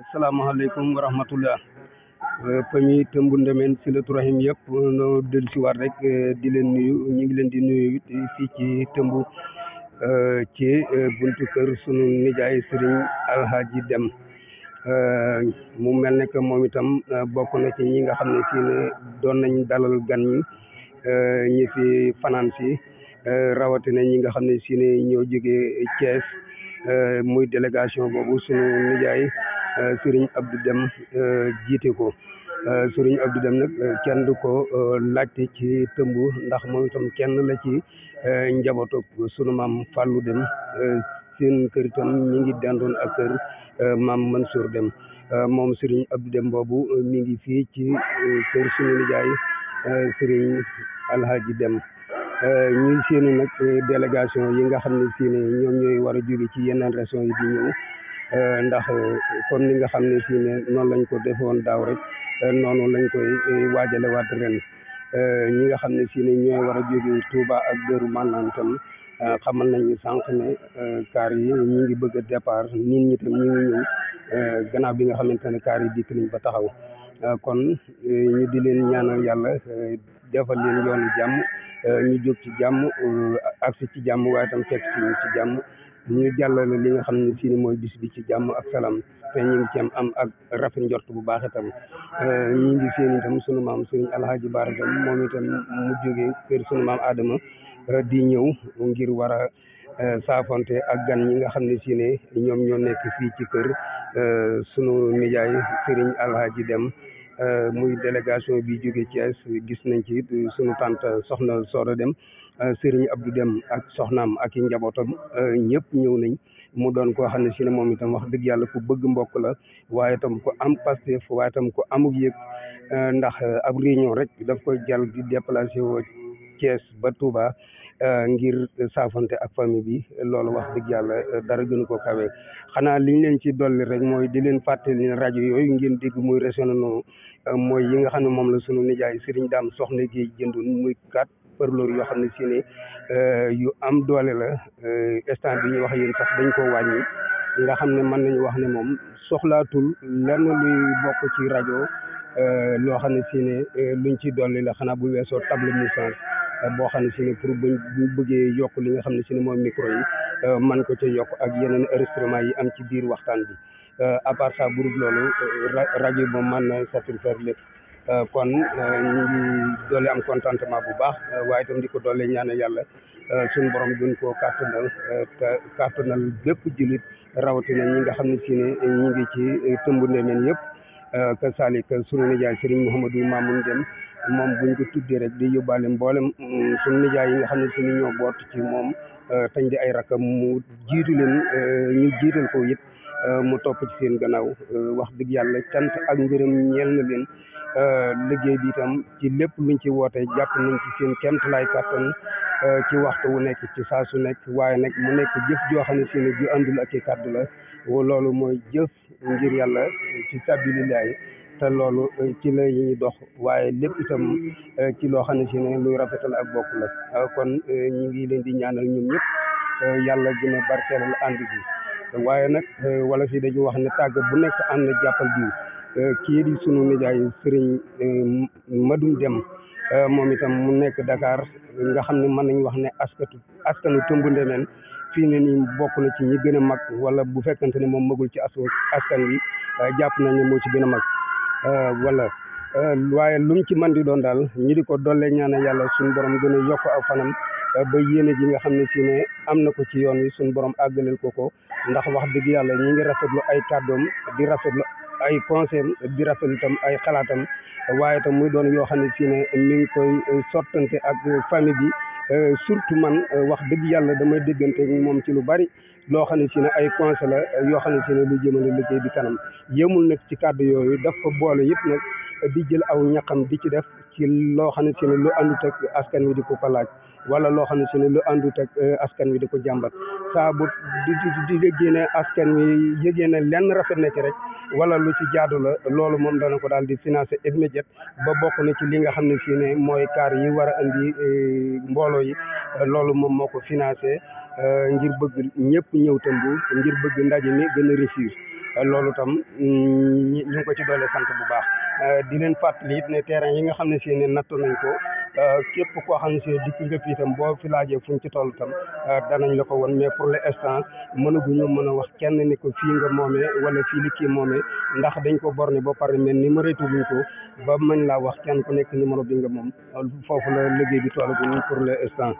asalaamaaleykum wa rahmatullah famille euh, tëmb ndemeen silatu rahim yëpp noo dellu si waat rek euh, di leen nuyu ñu ngi leen di nuyu it fii ci tëmb euh, ci buntu kër sunu nijaay sëriñ alhaaji dem mu mel ne que moom itam bokk na ci ñi nga xam ne si doon nañ dalal gan ñi ñi fi fanaan si rawatina ñi nga xam ne si ne ñoo jógee Thiès muy délégation boobu sunu nijaay Eh, Serigne Abdou dem eh, jiite ko eh, Serigne Abdou Deme nag kenn du ko laajte ci tëmbu ndax moom itam kenn la ci njabootu sunu maam Fallou Deme seen kër itam mi ngi dendoon ak kër maam sur dem moom Serigne Abdou Deme boobu mi ngi fii ci kër sunu nijaay Serigne Alhaji Deme ñuy seeni nag délégation yi nga xam ne si ne ñoom ñooy war a ci yeneen régions yi di Eh, ndax eh, comme ni nga xam ne fii ne noonu lañ ko defoon daaw rek eh, noonu lañ koy waajale waat ren ñi nga xam ne si ne ñooy war a jóge Touba ak Daaru Marnaan tam xamal nañu sànq ne kaar yi ñu ngi bëgg a départ nit ñi tam ñu ngi bi nga xamante ne kaar yi dikk nañ ba taxaw ñu di leen ñaanal yàlla defal leen yoonu jàmm ñu jóg ci jàmm agsi ci jàmm waaye tam fekk si ci jàmm ñu jàllale li nga xam ne si mooy bis bi ci jàmm ak salaam te ñu ngi am ak rafet njort bu baax itam euh, ñu ngi seen itam sunu maam sëriñ alhaaji baraka moom itam mu jóge kër sunu maam Adama euh, di ñëw ngir war a euh, saafonte ak gan ñi nga xam ne si ñoom ñoo nekk fii ci kër sunu nijaay sëriñ alhaaji dem Euh, muy délégation bi jóge Thiès gis nañ ci sunu tante soxna Soda Dem ab Abdou Dem ak soxnaam ak i njabootam euh, ñëpp ñëw nañ mu doon koo xam ne si ne moom wax dëgg yàlla ku bëgg mbokk la waaye tam ku am Pastef waaye tam ku amug yëg euh, ndax ab réunion rek daf koy jàll di déplacé woo Thiès ba Touba Euh, ngir saafante ak famille bi loolu wax dëgg yàlla euh, dara gënu ko kawe xanaa liñ leen ci dolli rek mooy di leen fàttali ne rajo yooyu ngeen dégg muy régionaux euh, mooy yi nga xam ne moom la sunu nijaay Serigne Dame Soxna Guèye jëndoon muy kat përloor yoo xam ne si ne yu am doole la instant bi ñu wax yéen sax dañ ko wàññi nga xam ne mën nañu wax ne moom soxlaatul lenn luy bokk ci rajo loo xam ne si ne luñ ci dolli la xanaa bu weesoo table naissance boo xam ne si ne pour buñ bu bëggee yokk li nga xam ne si ne mooy micro yi euh, man ko ca yokk ak yeneen instruments yi am ci biir waxtaan bi euh, à part ça groupe loolu euh, rajo moom man na satisfaire lépp kon ñu ngi doole am contentement bu baax waaye itam di ko doole ñaane yàlla suñu borom duñ koo kàttanal te kàttanal bépp jullit rawatina ñi nga xam ne si ne ñu ngi ci tëmb ndemeen yëpp ka salik sunu nijaay Serigne Mouhamadou Mamoun Dem moom buñ ko tuddee rek di yóbbaale mboolem mm, suñu nijaay yi nga xam ne suñu ñoo boot ci moom euh, tañ di ay rakam mu jiitu leen euh, ñu jiital ko it euh, mu topp ci seen gannaaw wax dëgg yàlla cant ak ngërëm ñeel na leen liggéey bi itam ci lépp luñ ci wootee jàpp nañ ci seen kemt lay kàttan ci waxtu wu nekk ci saa su nekk waaye nag mu nekk jëf joo xam ne si ne ju àndul ak i kàddu la loolu mooy jëf ngir yàlla ci sabilillahi te loolu eh, ci la ñuy dox waaye lépp itam eh, ci loo xam ne si ne luy rafetal ak bokk la eh, kon ñu ngi leen di ñaanal ñoom ñëpp yàlla gën a barkeelal ànd bi waaye nag wala fi dañu wax ne tàgg bu nekk am na jàppal bii kii di sunu nijaay sëriñ Madum Dem moom itam mu nekk dakaar nga xam ne mën nañu wax ne askatu askanu tëmb ndemeen fii ne nii bokk na ci ñi gën a mag wala bu fekkante ne moom magul ci askan wi jàpp nañu moo ci gën a mag wala euh, euh, waaye lu mu ci man di doon daal ñi di ko dollee ñaane yàlla suñu borom gën a yokk ak fanam euh, ba yéene ji nga xam ne si ne am na ko ci yoon wi suñu borom àggaleel ko ko ndax wax dëgg yàlla ñi ngi rafetlu ay kàddoom di rafetlu ay conseil di rafetlu tam ay xalaatam waaye tam muy doon yoo xam ne si ne mi ngi koy sottante ak famille bi surtout man wax dëgg yàlla damay déggante moom ci lu bari loo xam ne si ne ay conseil la yoo xam ne si ne lu jëmale bi kanam yemul nag ci kàddu yooyu daf ko boole yëpp nag di jël aw ñaqam di ci def ci loo xam ne si ne lu àndut ak askan wi di ko ko laaj wala loo xam ne si ne lu àndut ak askan wi di ko jàmbat saa bu di di yëgee ne askan wi yëgee ne lenn rafet na ci rek wala lu ci jaadu la loolu moom dana ko daal di financer immédiat ba bokk na ci li nga xam ne fii mooy kaar yi war a indi e, mbooloo yi loolu moom moo ko financer e, ngir bëgg ñëpp ñëw tëmbu ngir bëgg ndaje mi gën a réussir loolu tam mm, ñu ko ci doole sant bu baax e, di leen fàttali it ne terrain yi nga xam ne fii ne nattu nañ ko Euh, képp koo xam ne si dikk nga fi itam boo fi laajee fuñ ci toll itam euh, danañ la ko won mais pour l'instant mënaguñu mën a wax kenn ni ko fii nga moomee wala fii li kii moomee ndax dañ ko borné ba pare mais numéro tuubuñ ko ba mën laa wax kenn ku nekk numéro bi nga moom foofu la liggéey bi tollaguñ pour le l'instant